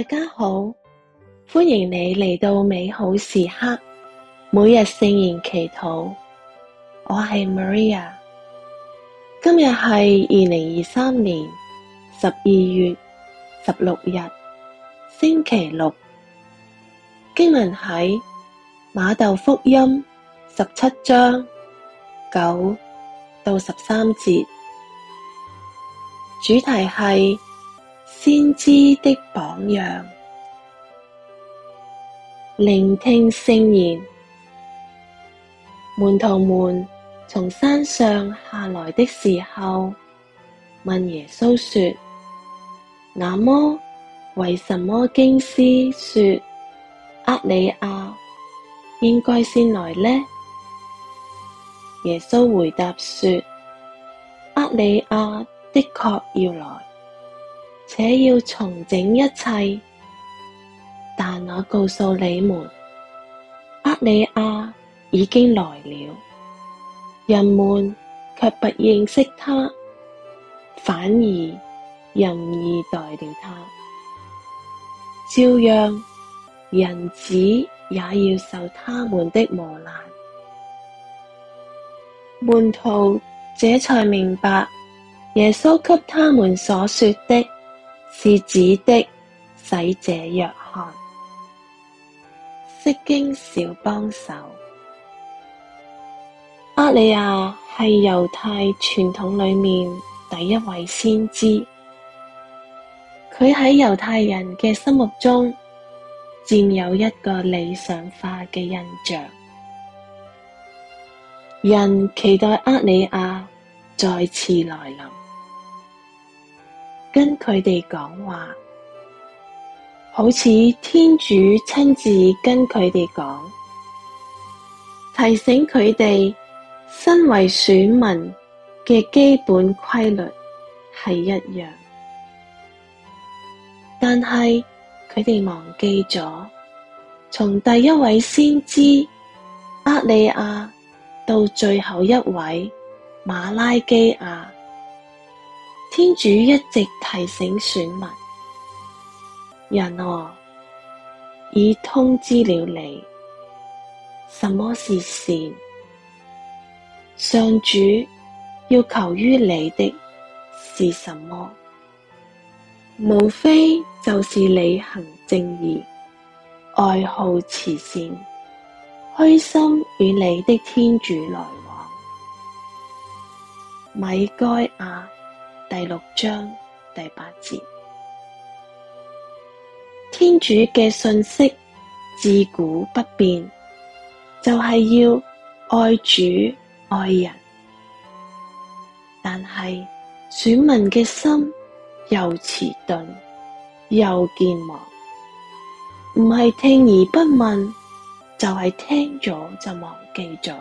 大家好，歡迎你嚟到美好時刻，每日聖言祈禱。我係 Maria，今日係二零二三年十二月十六日，星期六。經文喺馬竇福音十七章九到十三節，主題係。先知的榜樣，聆聽聖言。門徒們從山上下來的時候，問耶穌說：「那麼，為什麼經師說，厄里亞應該先來呢？」耶穌回答說：「厄里亞的確要來。」且要重整一切，但我告訴你們，厄里亞已經來了，人們卻不認識他，反而任意待了他，照樣，人子也要受他們的磨難，門徒這才明白耶穌給他們所說的。是指的洗者若翰，釋經小幫手。厄里亞係猶太傳統裏面第一位先知，佢喺猶太人嘅心目中佔有一個理想化嘅印象，人期待厄里亞再次來臨。跟佢哋講話，好似天主親自跟佢哋講，提醒佢哋身為選民嘅基本規律係一樣，但係佢哋忘記咗，從第一位先知厄里亞到最後一位瑪拉基亞，天主一直提醒選民，人啊，已通知了你，什麼是善？上主要求於你的是什麼？無非就是你行正義，愛好慈善，虛心與你的天主來往。米該亞。第六章第八節，天主嘅信息自古不變，就係要愛主愛人。但係選民嘅心又遲鈍又健忘，唔係聽而不聞，就係聽咗就忘記咗。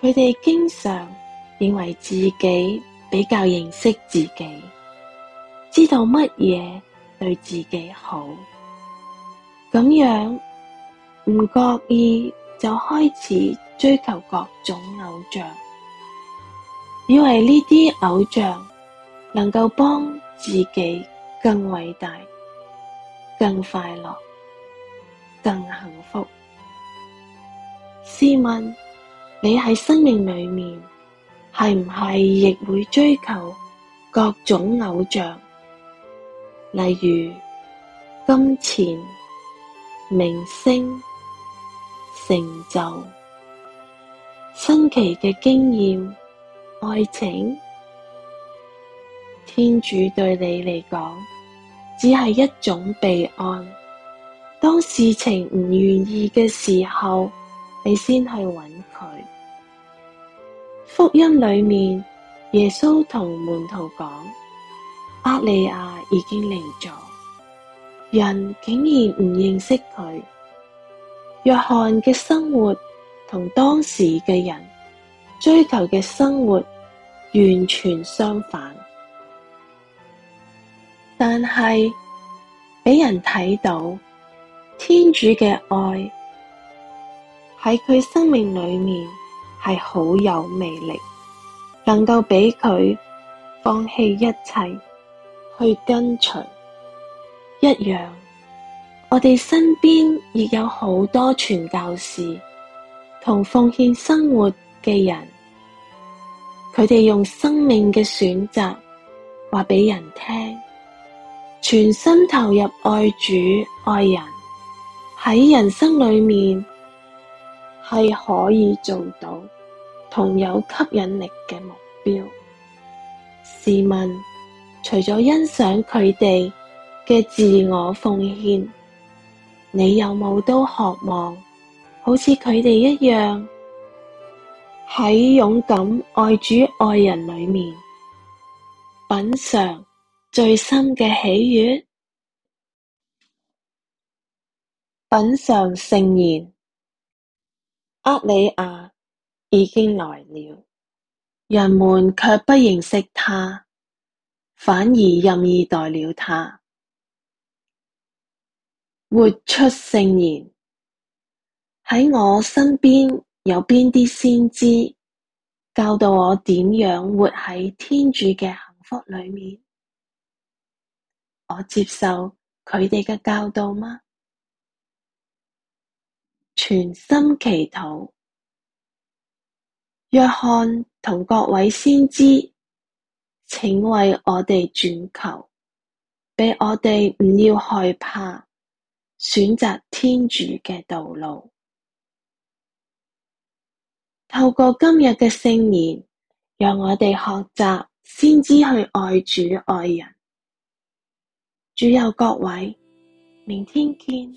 佢哋經常。認為自己比較認識自己，知道乜嘢對自己好，咁樣唔覺意就開始追求各種偶像，以為呢啲偶像能夠幫自己更偉大、更快樂、更幸福。試問你喺生命裏面，係唔係亦會追求各種偶像，例如金錢、名聲、成就、新奇嘅經驗、愛情？天主對你嚟講，只係一種備案。當事情唔如意嘅時候，你先去揾佢。福音裏面，耶穌同門徒講：厄里亞已經嚟咗，人竟然唔認識佢。若翰嘅生活同當時嘅人追求嘅生活完全相反，但係畀人睇到天主嘅愛喺佢生命裏面。係好有魅力，能夠俾佢放棄一切去跟隨。一樣，我哋身邊亦有好多傳教士同奉獻生活嘅人，佢哋用生命嘅選擇話俾人聽，全心投入愛主愛人喺人生裏面係可以做到。同有吸引力嘅目標，試問，除咗欣賞佢哋嘅自我奉獻，你有冇都渴望好似佢哋一樣喺勇敢愛主愛人裡面品嚐最深嘅喜悅？品嚐聖言。厄里亞已經來了，人們卻不認識他，反而任意待了他。活出聖言。喺我身邊，有邊啲先知教導我點樣活喺天主嘅幸福裏面？我接受佢哋嘅教導嗎？全心祈禱。若翰同各位先知，請為我哋轉求，俾我哋唔要害怕選擇天主嘅道路。透過今日嘅聖言，讓我哋學習先知去愛主愛人。主佑各位，明天見。